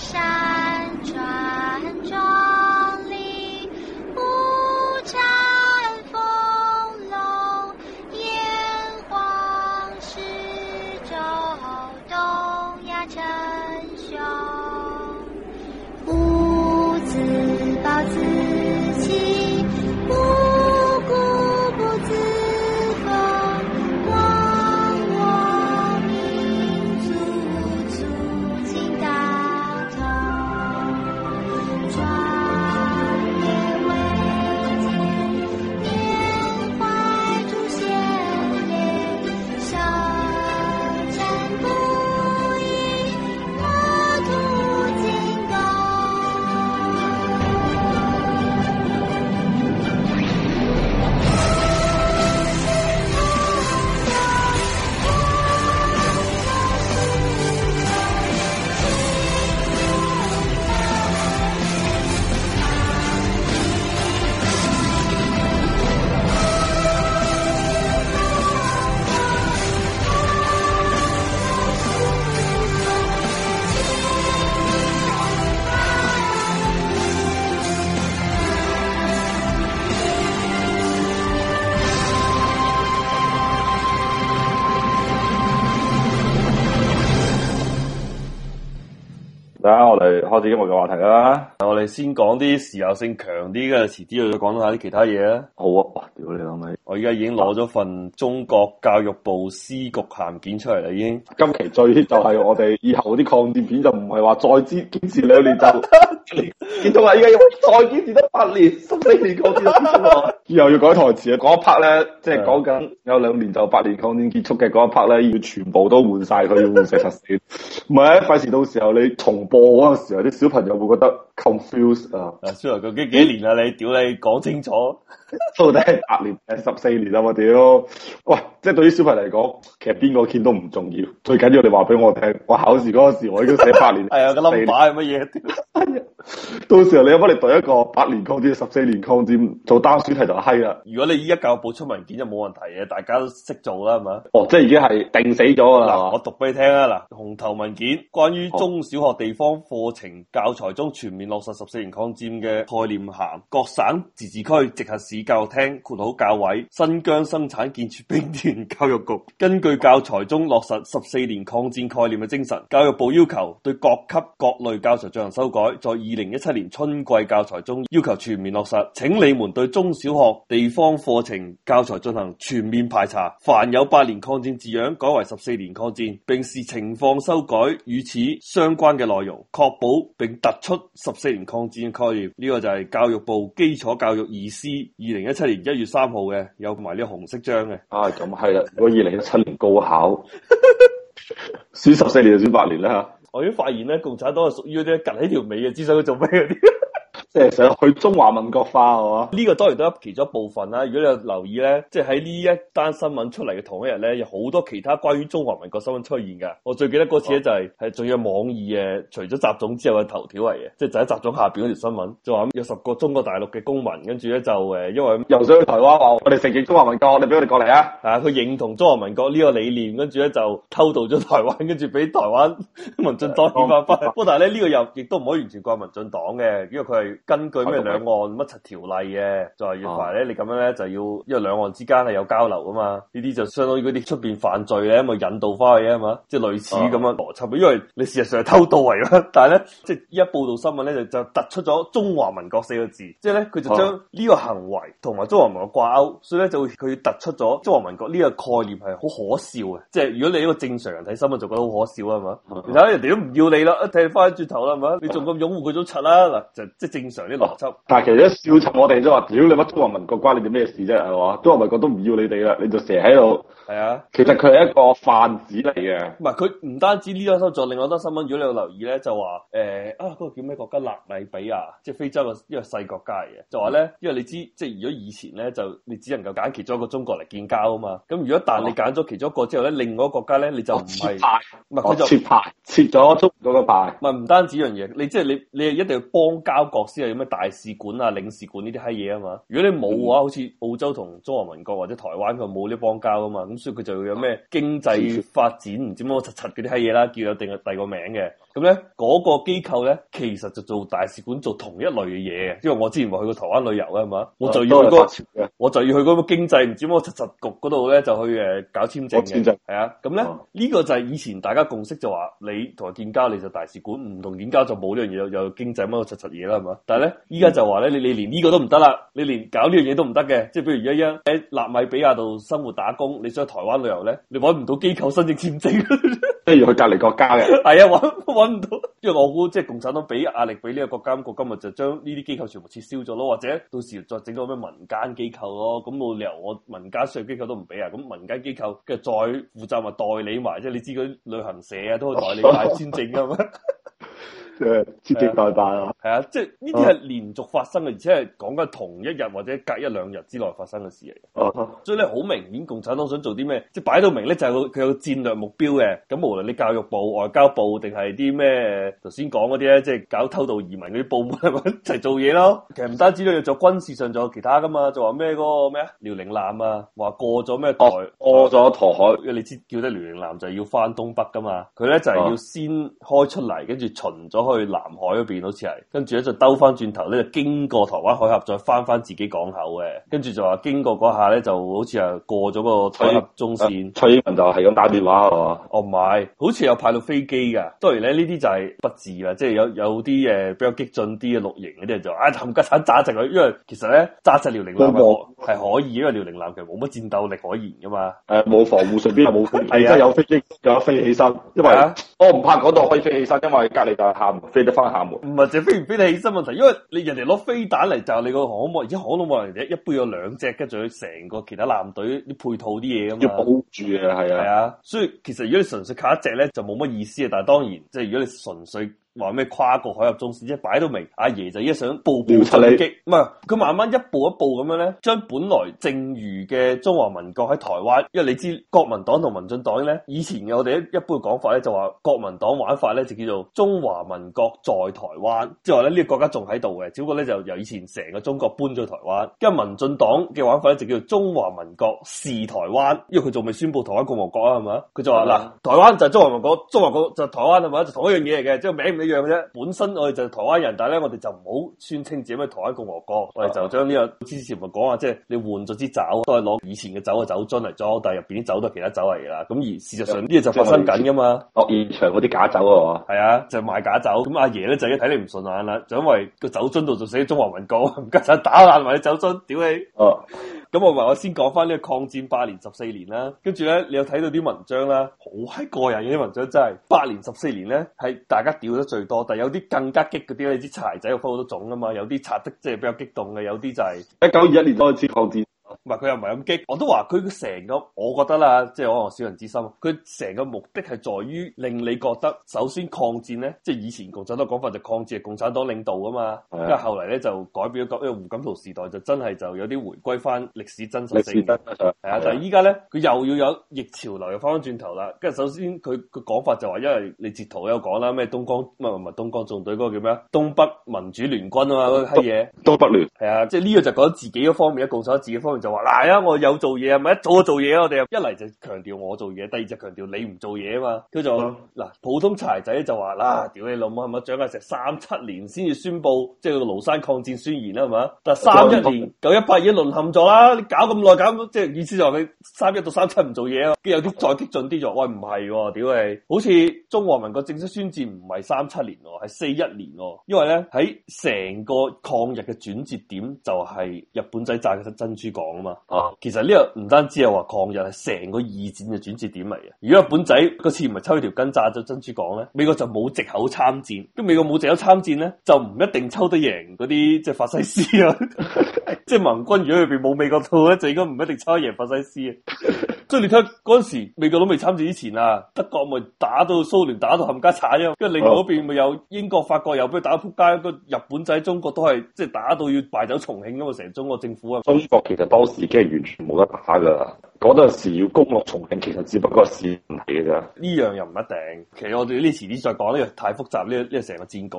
沙。我哋開始今日嘅話題啦。我哋先講啲時效性強啲嘅，遲啲再講下啲其他嘢啊。好啊，哇！屌你老味。我而家已經攞咗份中國教育部司局函件出嚟啦，已經。今期最就係我哋以後啲抗戰片就唔係話再支堅持兩年就，見到啊！依家要再堅持多八年、十四年抗戰就結束啦。又要改台詞啊！一拍呢，嗰一 part 咧，即係講緊有兩年就八年抗戰結束嘅嗰一拍呢，要全部都換曬佢，要換成十四年。唔係啊，費事到時候你重播嗰陣時，啲小朋友會覺得。confuse 啊！小朋友究竟幾年啦？嗯、你屌你講清楚，到底係八年定十四年啊？我屌！喂，即係對於小朋友嚟講，其實邊個見都唔重要，最緊要你話俾我聽。我考試嗰時我已經寫八年，係啊 年，個 number 係乜嘢？到時候你幫你讀一個八年抗戰、十、呃、四年抗戰、呃、做單選題就閪啦。如果你依家教育部出文件就冇問題嘅，大家都識做啦，係嘛？哦，即係已經係定死咗啦、嗯。我讀俾你聽啦。嗱，紅頭文件關於中小學地方課程教材中全面。落實十四年抗戰嘅概念行，各省自治區直轄市教育廳括號教委，新疆生產建設兵團教育局，根據教材中落實十四年抗戰概念嘅精神，教育部要求對各級各類教材進行修改。在二零一七年春季教材中，要求全面落實，請你們對中小學地方課程教材進行全面排查，凡有八年抗戰字樣改為十四年抗戰，並視情況修改與此相關嘅內容，確保並突出十。四年抗戰概念呢，這個就係教育部基礎教育二師二零一七年一月三號嘅，有埋啲紅色章嘅啊。咁係啦，如果二零一七年高考選十四年就選八年啦吓，我已經發現咧共產黨係屬於嗰啲近起條尾嘅，只想去做咩嗰啲。 即係想去中華民國化，係嘛？呢個當然都係其中一部分啦。如果你有留意咧，即係喺呢一單新聞出嚟嘅同一日咧，有好多其他關於中華民國新聞出現嘅。我最記得嗰次咧、就係啊，就係係仲有網易嘅，除咗習總之後嘅頭條嚟嘅，即係就喺習總下邊嗰條新聞，就話有十個中國大陸嘅公民，跟住咧就誒，因為游想去台灣，話我哋承認中華民國，你俾我哋過嚟啊！嚇，佢認同中華民國呢個理念，跟住咧就偷渡咗台灣，跟住俾台灣民進黨攤翻翻。不過 但係咧，呢個又亦都唔可以完全怪民進黨嘅，因為佢係。根據咩兩岸乜柒、啊、條例嘅，就係越排咧，你咁樣咧就要，因為兩岸之間係有交流啊嘛，呢啲就相當於嗰啲出邊犯罪咧，咪引導翻去啊嘛，即係類似咁樣邏輯，啊、因為你事實上係偷渡嚟啦，但係咧即係一報道新聞咧就就突出咗中華民國四個字，即係咧佢就將呢個行為同埋中華民國掛鈎，所以咧就佢突出咗中華民國呢個概念係好可笑嘅，即係如果你呢個正常人睇新聞就覺得好可笑啊嘛，其實看、啊、人哋都唔要你啦，一睇翻轉頭啦係嘛，啊啊、你仲咁擁護佢種柒啦嗱，就即係正。啲邏輯，哦、但係其實一笑斥我哋就話：屌你乜中華民國關你哋咩事啫？係嘛？中華民國都唔要你哋啦，你就成日喺度。係啊，其實佢係一個泛子嚟嘅。唔係佢唔單止呢單操作，另外一單新聞。如果你有留意咧，就話誒、欸、啊嗰、那個叫咩國家？納米比亞，即係非洲嘅一個細國家嚟嘅。就話咧，因為你知，即係如果以前咧，就你只能夠揀其中一個中國嚟建交啊嘛。咁如果但係你揀咗其中一個之後咧，另外一個國家咧，你就唔係，唔係佢就切牌，切咗中嗰個牌。唔係唔單止一樣嘢，你即係你你，你一定要邦交國先。有咩大使館啊、領事館呢啲閪嘢啊嘛？如果你冇嘅話，好似澳洲同中華民國或者台灣佢冇呢幫交啊嘛，咁所以佢就有咩經濟發展唔知乜柒柒嗰啲閪嘢啦，叫有定個第二個名嘅。咁咧嗰個機構咧，其實就做大使館做同一類嘅嘢。因為我之前咪去過台灣旅遊啊嘛，我就要、嗰個，我就要去嗰個經濟唔知乜柒柒局嗰度咧，就去誒搞簽證嘅，係啊。咁咧呢、啊、個就係以前大家共識就話，你,建你同建交你就大使館，唔同建交就冇呢樣嘢，有經濟乜柒柒嘢啦，係嘛。咧，依家就話咧，你你連呢個都唔得啦，你連搞呢樣嘢都唔得嘅，即係比如一樣喺納米比亞度生活打工，你想去台灣旅遊咧，你搵唔到機構申請簽證，都 要去隔籬國家嘅，係啊，搵唔到，因為我估即係共產黨俾壓力，俾呢個國家咁，今日就將呢啲機構全部撤銷咗咯，或者到時再整咗咩民間機構咯、哦，咁冇理由我民間商業機構都唔俾啊，咁民間機構嘅再負責埋代理埋，即係你知嗰啲旅行社啊，都可以代理埋簽證噶嘛。 誒，接替代辦啊，係啊，即係呢啲係連續發生嘅，啊、而且係講緊同一日或者隔一兩日之內發生嘅事嚟，啊、所以咧好明顯共產黨想做啲咩？即係擺到明咧就係佢有戰略目標嘅，咁無論你教育部、外交部定係啲咩，頭先講嗰啲咧，即、就、係、是、搞偷渡移民嗰啲部門一齊 做嘢咯。其實唔單止都要做軍事上仲有其他噶嘛，就話咩嗰個咩啊，遼寧艦啊，話過咗咩台，過咗台海，因為你知叫得遼寧艦就要翻東北噶嘛，佢咧就係要先開出嚟，跟住巡咗。去南海嗰邊好似係，跟住咧就兜翻轉頭咧，就經過台灣海峽，再翻翻自己港口嘅。跟住就話經過嗰下咧，就好似係過咗個中線。蔡英文就係咁打電話係嘛？哦唔係，好似有派到飛機㗎。當然咧，呢啲就係不智啦，即係有有啲誒比較激進啲嘅綠營嗰啲人就話，啊、哎，冚家鏟炸一隻佢，因為其實咧炸一隻遼寧艦係可以，因為遼寧艦其實冇乜戰鬥力可言㗎嘛，誒冇防護，上邊又冇飛機，真係有飛機就飛起身。因為、啊、我唔怕嗰度可以飛起身，因為隔籬就係冚。飛得翻廈門，唔係就飛唔飛得起身問題，因為你人哋攞飛彈嚟炸你個航母，而且航母人哋一般有兩隻，跟住成個其他艦隊啲配套啲嘢噶嘛，要保住啊，係啊，係啊，所以其實如果你純粹靠一隻咧，就冇乜意思啊。但係當然，即係如果你純粹。話咩跨國海峽中線，即係擺到明，阿爺就一想步步出擊，唔係佢慢慢一步一步咁樣咧，將本來正餘嘅中華民國喺台灣，因為你知國民黨同民進黨咧，以前嘅我哋一般講法咧就話國民黨玩法咧就叫做中華民國在台灣，即係話咧呢、這個國家仲喺度嘅，只不過咧就由以前成個中國搬咗台灣，跟住民進黨嘅玩法咧就叫做「中華民國是台灣」，因為佢仲未宣布台灣共和國啊，係嘛，佢就話嗱，台灣就係中華民國，中華國就台灣，係嘛，就同一樣嘢嚟嘅，即係名樣啫，本身我哋就係台灣人，但係咧，我哋就唔好宣稱自己台灣共和國，啊、我哋就將呢、這個之前咪講啊，即、就、係、是、你換咗支酒，都係攞以前嘅酒嘅酒樽嚟裝，但係入邊啲酒都係其他酒嚟啦。咁而事實上呢嘢、啊、就是、發生緊噶嘛，學、啊、現場嗰啲假酒啊，係啊，就是、賣假酒。咁阿爺咧就已經睇你唔順眼啦，就因為個酒樽度就寫中華民國唔加上打爛埋啲酒樽，屌你。啊咁我話我先講翻呢個抗戰八年十四年啦，跟住咧你有睇到啲文章啦，好閪個人嘅啲文章真係八年十四年咧係大家屌得最多，但係有啲更加激嗰啲你知柴仔又分好多種噶嘛，有啲拆得即係比較激動嘅，有啲就係一九二一年開始抗戰。佢又唔係咁激，我都話佢成個我覺得啦，即可能小人之心。佢成個目的係在於令你覺得，首先抗戰咧，即係以前共產黨講法就抗戰係共產黨領導啊嘛。跟住後嚟咧就改變咗，因為胡錦濤時代就真係就有啲回歸翻歷史真實性。係啊，但係依家咧佢又要有逆潮流又翻返轉頭啦。跟住首先佢個講法就話，因為你截圖有講啦，咩東江唔係唔係東江縱隊嗰個叫咩啊？東北民主聯軍啊嘛，嗰啲閪嘢。東北聯係啊，即係呢個就講自己嗰方面，共產黨自，自己方面就話。嗱，呀、啊，我有做嘢啊，係咪一早就做嘢啊，我哋一嚟就強調我做嘢，第二就強調你唔做嘢啊嘛。叫做嗱，嗯、普通柴仔就話啦、啊。屌你老母係咪？蔣介石三七年先至宣布，即係個廬山抗戰宣言啦，係咪啊？但係三一年九一八已經淪陷咗啦，你搞咁耐搞，即係意思就話你三一到三七唔做嘢咯。跟有啲再激進啲咗，喂，唔係，屌你，好似中華民國正式宣戰唔係三七年喎，係四一年喎、啊。因為咧喺成個抗日嘅轉折點就係日本仔炸嘅珍珠港啊嘛。啊，其實呢個唔單止係話抗日，係成個二戰嘅轉折點嚟嘅。如果日本仔嗰次唔係抽條筋炸咗珍珠港咧，美國就冇借口參戰。咁美國冇借口參戰咧，就唔一定抽得贏嗰啲，即係法西斯啊。 即係盟軍如果入邊冇美國佬，一陣間唔一定差贏法西斯啊！即 係 你睇嗰陣時，美國都未參戰以前啊，德國咪打到蘇聯打到冚家鏟啊，跟住另外嗰邊咪有英國、法國又俾佢打到扑街，個日本仔、中國都係即係打到要敗走重慶噶嘛，成中國政府啊！中國其實當時已經完全冇得打噶，嗰陣時要攻落重慶其實只不過係唔起噶咋。呢樣又唔一定，其實我哋呢遲啲再講呢個，太複雜呢呢成個戰局。